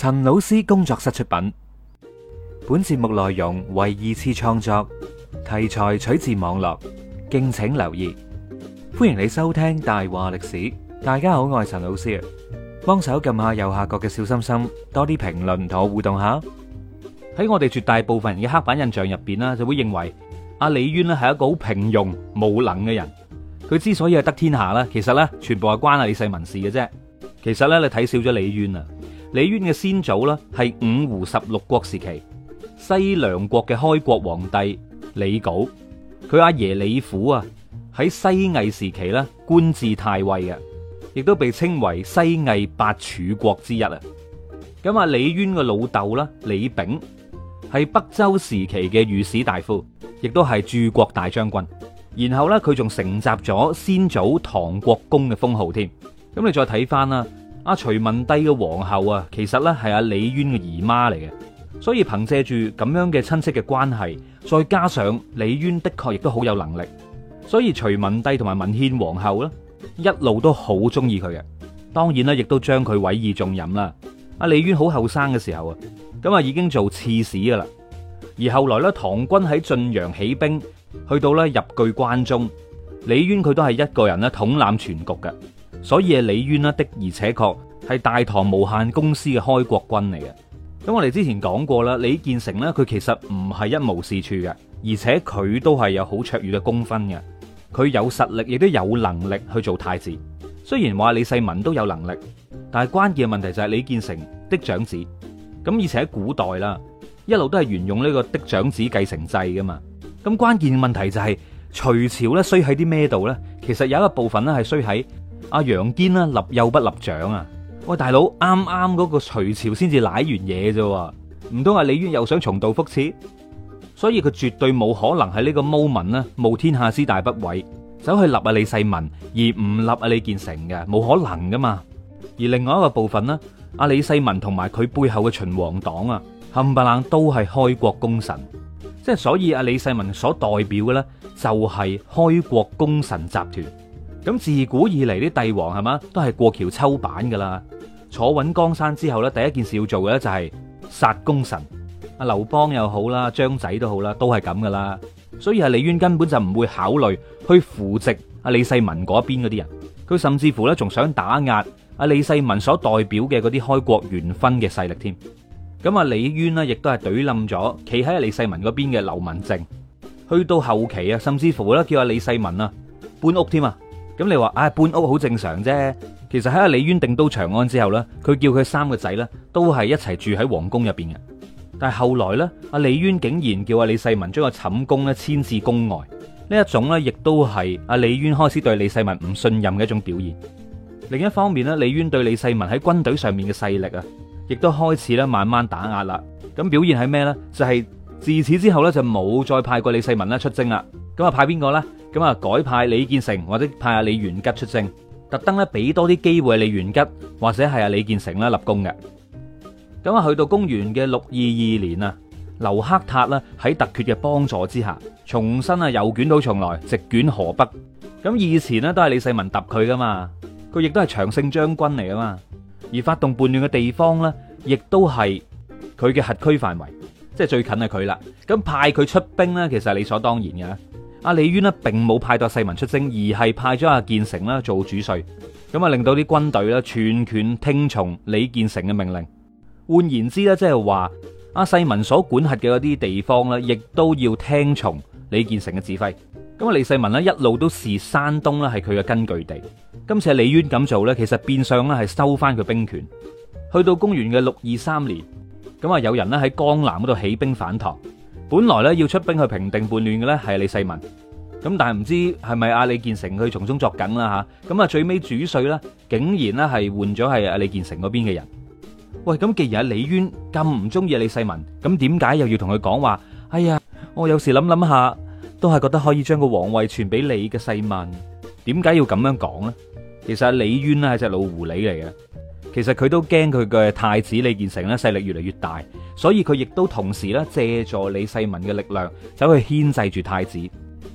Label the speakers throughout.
Speaker 1: 陳老師工作室出品，本節目內容為二次創作，題材取自網絡，敬請留意。歡迎你收聽大話歷史。大家好，我係陳老師啊，幫手撳下右下角嘅小心心，多啲評論同我互動下。喺我哋絕大部分人嘅黑板印象入邊呢，就會認為阿李淵呢係一個好平庸、冇能嘅人。佢之所以係得天下啦，其實呢全部係關阿李世民事嘅啫。其實呢你睇少咗李淵啊。李淵嘅先祖呢，係五胡十六國時期西涼國嘅開國皇帝李暠，佢阿爺李虎啊，喺西魏時期官至太尉嘅，亦都被稱為西魏八柱國之一啊。咁啊，李淵嘅老豆啦，李炳係北周時期嘅御史大夫，亦都係柱國大將軍。然後呢，佢仲承襲咗先祖唐國公嘅封號添。咁你再睇翻啦。阿徐文帝嘅皇后啊，其實呢係阿李淵嘅姨媽嚟嘅，所以憑借住咁樣嘅親戚嘅關係，再加上李淵的確亦都好有能力，所以徐文帝同埋文獻皇后呢，一路都好中意佢嘅，當然啦，亦都將佢委以重任啦。阿李淵好後生嘅時候啊，咁啊已經做刺史噶啦，而後來呢，唐軍喺晉陽起兵，去到呢入據關中，李淵佢都係一個人呢統攬全局嘅。所以啊，李淵啦，的而且確係大唐無限公司嘅開國軍嚟嘅。咁我哋之前講過啦，李建成呢，佢其實唔係一無是處嘅，而且佢都係有好卓越嘅功勳嘅。佢有實力，亦都有能力去做太子。雖然話李世民都有能力，但係關鍵嘅問題就係李建成嫡長子。咁而且喺古代啦，一路都係沿用呢個嫡長子繼承制㗎嘛。咁關鍵的問題就係、是、隋朝咧衰喺啲咩度呢？其實有一個部分咧係衰喺。阿、啊、楊堅立幼不立長啊！喂，大佬，啱啱嗰個隋朝先至瀨完嘢咋？唔通阿李淵又想重蹈覆轍？所以佢絕對冇可能喺呢個 moment 呢，冒天下之大不韙，走去立阿李世民而唔立阿李建成嘅，冇可能噶嘛！而另外一個部分呢，阿李世民同埋佢背後嘅秦王黨啊，冚唪唥都係開國功臣，即係所以阿李世民所代表嘅呢，就係開國功臣集團。咁自古以嚟啲帝王係咪，都係過橋抽板噶啦。坐穩江山之後咧，第一件事要做嘅就係殺功臣。阿劉邦又好啦，張仔都好啦，都係咁噶啦。所以阿李淵根本就唔會考慮去扶植阿李世民嗰邊嗰啲人。佢甚至乎咧，仲想打壓阿李世民所代表嘅嗰啲開國元勳嘅勢力添。咁阿李淵呢亦都係懟冧咗，企喺阿李世民嗰邊嘅劉文靜。去到後期啊，甚至乎咧叫阿李世民啊搬屋添啊。咁你話啊搬屋好正常啫。其實喺阿李淵定都長安之後呢佢叫佢三個仔呢都係一齊住喺皇宮入邊嘅。但係後來呢阿李淵竟然叫阿李世民將個寢宮呢遷至宮外。呢一種呢，亦都係阿李淵開始對李世民唔信任嘅一種表現。另一方面呢，李淵對李世民喺軍隊上面嘅勢力啊，亦都開始咧慢慢打壓啦。咁表現係咩呢？就係、是、自此之後呢，就冇再派過李世民出征啦。咁啊派邊個呢？咁啊，改派李建成或者派阿李元吉出征，特登咧俾多啲機會李元吉或者係阿李建成啦立功嘅。咁啊，去到公元嘅六二二年啊，劉黑闥呢喺突厥嘅幫助之下，重新啊又卷土重來，直捲河北。咁以前呢都係李世民揼佢噶嘛，佢亦都係長勝將軍嚟噶嘛，而發動叛亂嘅地方呢亦都係佢嘅轄區範圍，即係最近係佢啦。咁派佢出兵呢，其實係理所當然嘅阿李淵呢，並冇派到世民出征，而係派咗阿建成啦做主帥，咁啊令到啲軍隊啦全權聽從李建成嘅命令。換言之咧，即係話阿世民所管轄嘅嗰啲地方咧，亦都要聽從李建成嘅指揮。咁阿李世民呢，一路都視山東啦係佢嘅根據地。今次阿李淵咁做咧，其實變相咧係收翻佢兵權。去到公元嘅六二三年，咁啊有人咧喺江南嗰度起兵反唐。本來咧要出兵去平定叛亂嘅咧係李世民，咁但係唔知係咪阿李建成去從中作梗啦吓，咁啊最尾主帥咧竟然咧係換咗係阿李建成嗰邊嘅人。喂，咁既然阿李淵咁唔中意阿李世民，咁點解又要同佢講話？哎呀，我有時諗諗下，都係覺得可以將個皇位傳俾你嘅世民，點解要咁樣講咧？其實阿李淵啊係隻老狐狸嚟嘅。其實佢都驚佢嘅太子李建成咧勢力越嚟越大，所以佢亦都同時咧借助李世民嘅力量走去牽制住太子，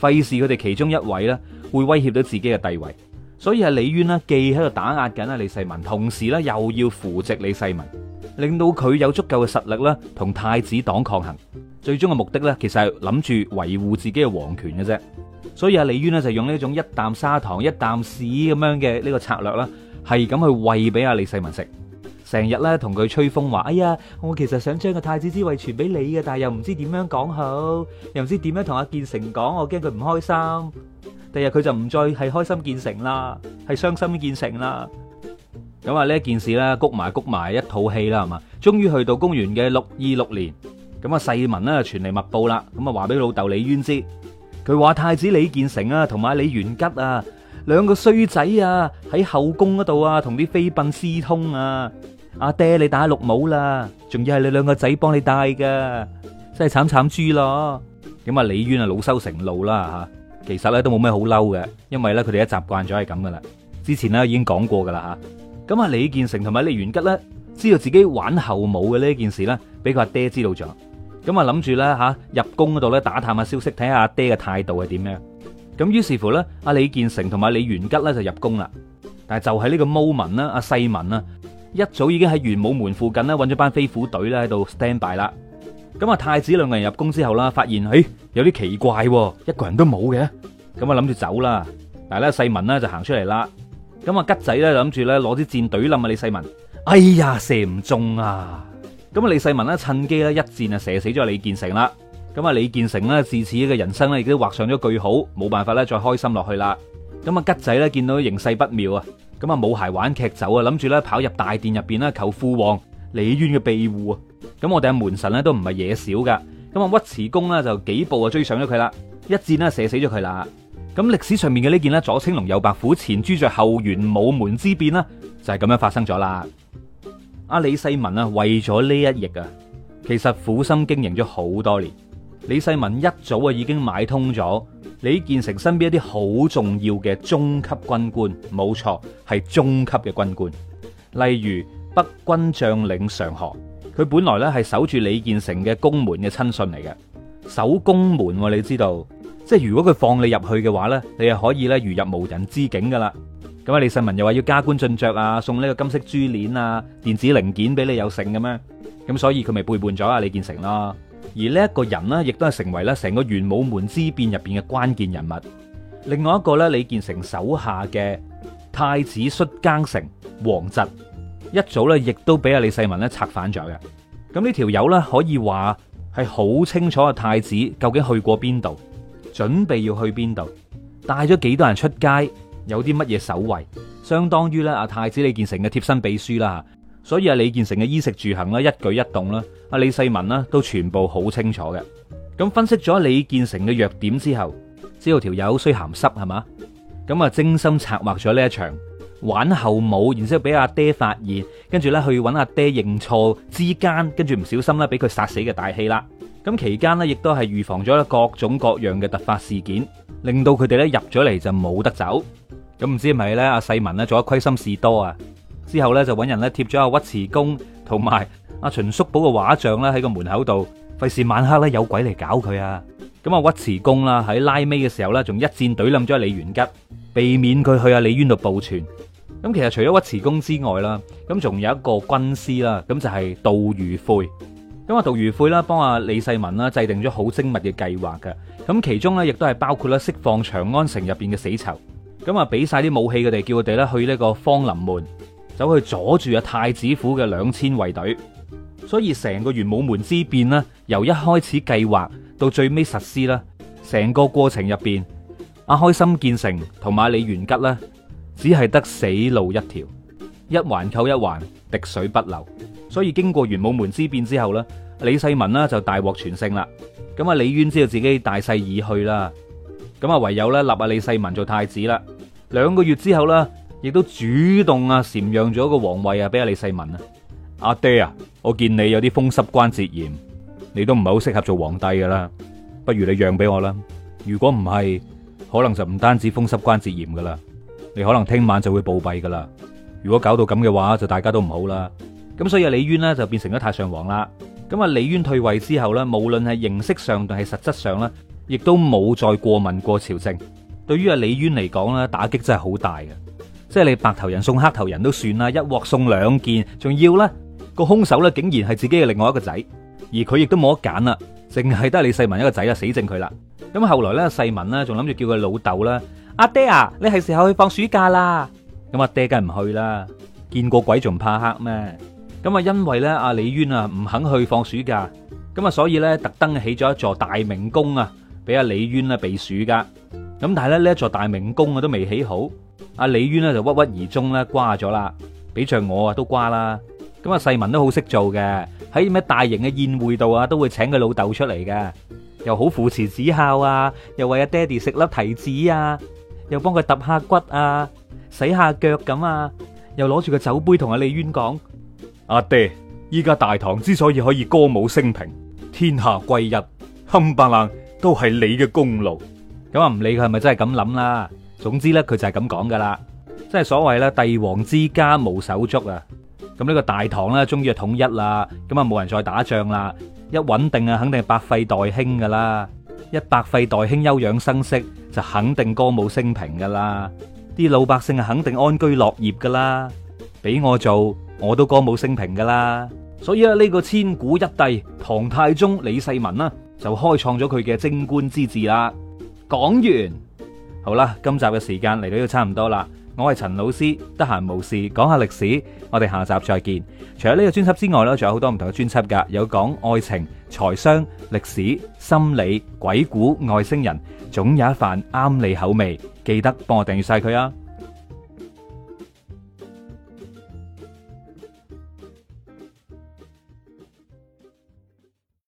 Speaker 1: 費事佢哋其中一位咧會威脅到自己嘅地位，所以阿李淵咧既喺度打壓緊阿李世民，同時咧又要扶植李世民，令到佢有足夠嘅實力咧同太子黨抗衡，最終嘅目的咧其實係諗住維護自己嘅皇權嘅啫，所以阿李淵咧就用呢種一啖砂糖一啖屎咁樣嘅呢個策略啦。係咁去餵俾阿李世民食，成日咧同佢吹風話：哎呀，我其實想將個太子之位傳俾你嘅，但係又唔知點樣講好，又唔知點樣同阿建成講，我驚佢唔開心。第日佢就唔再係開心建成啦，係傷心建成啦。咁啊呢一件事啦，谷埋谷埋一套戲啦，係嘛？終於去到公元嘅六二六年，咁啊世民咧傳嚟密報啦，咁啊話俾老豆李淵知，佢話太子李建成啊，同埋李元吉啊。兩個衰仔啊，喺後宮嗰度啊，同啲妃嬪私通啊！阿爹你打綠帽啦，仲要係你兩個仔幫你帶噶，真係慘慘豬咯！咁啊，李淵啊，老羞成怒啦吓，其實咧都冇咩好嬲嘅，因為咧佢哋一習慣咗係咁噶啦。之前咧已經講過噶啦吓，咁啊李建成同埋李元吉咧，知道自己玩後母嘅呢件事咧，俾佢阿爹知道咗，咁啊諗住咧吓入宮嗰度咧打探下消息，睇下阿爹嘅態度係點樣。咁於是乎咧，阿李建成同埋李元吉咧就入宮啦。但係就係呢個 moment 啦，阿世民啊，一早已經喺玄武門附近咧揾咗班飛虎隊咧喺度 stand by 啦。咁啊太子兩個人入宮之後啦，發現，唉有啲奇怪喎，一個人都冇嘅。咁啊諗住走啦。但係咧世民咧就行出嚟啦。咁啊吉仔咧就諗住咧攞啲箭懟冧阿李世民。哎呀射唔中啊！咁啊李世民咧趁機咧一箭啊射死咗李建成啦。咁啊，李建成呢自此嘅人生咧，亦都畫上咗句號，冇辦法咧再開心落去啦。咁啊，吉仔呢見到形勢不妙啊，咁啊，冇鞋挽屐走啊，諗住咧跑入大殿入邊咧求父王李淵嘅庇護啊。咁我哋阿門神咧都唔係嘢少噶。咁啊，尉遲恭呢就幾步啊追上咗佢啦，一箭呢射死咗佢啦。咁歷史上面嘅呢件呢，左青龍右白虎前朱雀後玄武門之變呢，就係咁樣發生咗啦。阿李世民啊，為咗呢一役啊，其實苦心經營咗好多年。李世民一早啊已經買通咗李建成身邊一啲好重要嘅中級軍官，冇錯係中級嘅軍官，例如北軍將領常何，佢本來咧係守住李建成嘅宮門嘅親信嚟嘅，守宮門、啊，你知道，即係如果佢放你入去嘅話你又可以咧如入無人之境噶啦。咁啊，李世民又話要加官進爵啊，送呢個金色珠鏈啊、電子零件俾你有剩咁樣，咁所以佢咪背叛咗啊李建成咯。而呢一個人呢，亦都係成為咧成個玄武門之變入邊嘅關鍵人物。另外一個咧，李建成手下嘅太子率更丞王侄，一早咧亦都俾阿李世民咧策反咗嘅。咁呢條友咧，可以話係好清楚阿太子究竟去過邊度，準備要去邊度，帶咗幾多人出街，有啲乜嘢守衛，相當於咧阿太子李建成嘅貼身秘書啦。所以阿李建成嘅衣食住行啦，一舉一動啦，阿李世民呢，都全部好清楚嘅。咁分析咗李建成嘅弱點之後，知道條友衰鹹濕係嘛，咁啊精心策劃咗呢一場玩後母，然之後俾阿爹發現，跟住呢，去揾阿爹認錯之間，跟住唔小心呢，俾佢殺死嘅大戲啦。咁期間呢，亦都係預防咗各種各樣嘅突發事件，令到佢哋呢入咗嚟就冇得走。咁唔知係咪呢？阿世民呢，做咗虧心事多啊？之後咧就揾人咧貼咗阿尉遲恭同埋阿秦叔寶嘅畫像啦，喺個門口度，費事晚黑咧有鬼嚟搞佢啊。咁啊，尉遲恭啦喺拉尾嘅時候咧，仲一箭懟冧咗阿李元吉，避免佢去阿李淵度報傳。咁其實除咗尉遲恭之外啦，咁仲有一個軍師啦，咁就係、是、杜如晦。咁阿杜如晦啦，幫阿李世民啦制定咗好精密嘅計劃㗎。咁其中咧亦都係包括啦釋放長安城入邊嘅死囚，咁啊俾晒啲武器佢哋，叫佢哋咧去呢個方林門。走去阻住阿太子府嘅兩千衛隊，所以成個玄武門之變呢，由一開始計劃到最尾實施啦，成個過程入邊，阿開心建成同埋李元吉呢，只係得死路一條，一環扣一環，滴水不流。所以經過玄武門之變之後呢，李世民呢就大獲全勝啦。咁啊，李淵知道自己大勢已去啦，咁啊唯有立阿李世民做太子啦。兩個月之後呢，亦都主動啊，禪讓咗個皇位啊，俾阿李世民啊。阿爹啊，我見你有啲風濕關節炎，你都唔係好適合做皇帝噶啦。不如你讓俾我啦。如果唔係，可能就唔單止風濕關節炎噶啦，你可能聽晚就會暴斃噶啦。如果搞到咁嘅話，就大家都唔好啦。咁所以阿李淵呢，就變成咗太上皇啦。咁啊，李淵退位之後呢，無論係形式上定係實質上呢，亦都冇再過問過朝政。對於阿李淵嚟講呢，打擊真係好大嘅。即係你白頭人送黑頭人都算啦，一鑊送兩件，仲要咧個凶手咧竟然係自己嘅另外一個仔，而佢亦都冇得揀啦，淨係得你世民一個仔啊，死剩佢啦。咁後來咧，世民呢仲諗住叫佢老豆啦，阿爹啊，你係時候去放暑假啦。咁阿爹梗係唔去啦，見過鬼仲怕黑咩？咁啊，因為咧阿李淵啊唔肯去放暑假，咁啊所以咧特登起咗一座大明宮啊，俾阿李淵啊避暑噶。咁但係咧呢一座大明宮啊都未起好。阿李淵咧就鬱郁而終咧瓜咗啦，畀着我啊都瓜啦。咁阿世民都好識做嘅，喺咩大型嘅宴會度啊，都會請佢老豆出嚟嘅，又好父慈子孝啊，又為阿爹哋食粒提子啊，又幫佢揼下骨啊，洗下腳咁啊，又攞住個酒杯同阿李淵講：阿爹，依家大唐之所以可以歌舞升平，天下歸一，冚唪唥都係你嘅功勞。咁啊唔理佢係咪真係咁諗啦。總之呢佢就係咁講噶啦，即係所謂咧，帝王之家無手足啊。咁呢個大唐咧，終於係統一啦，咁啊冇人再打仗啦，一穩定啊，肯定係百廢待興噶啦，一百廢待興，休養生息就肯定歌舞升平噶啦，啲老百姓啊，肯定安居樂業噶啦，俾我做我都歌舞升平噶啦。所以咧，呢個千古一帝唐太宗李世民啦，就開創咗佢嘅貞觀之治啦。講完。好啦，今集嘅時間嚟到呢度差唔多啦。我係陳老師，得閒無事講下歷史，我哋下集再見。除咗呢個專輯之外呢，仲有好多唔同嘅專輯噶，有講愛情、財商、歷史、心理、鬼故、外星人，總有一番啱你口味，記得幫我訂閱晒佢啊！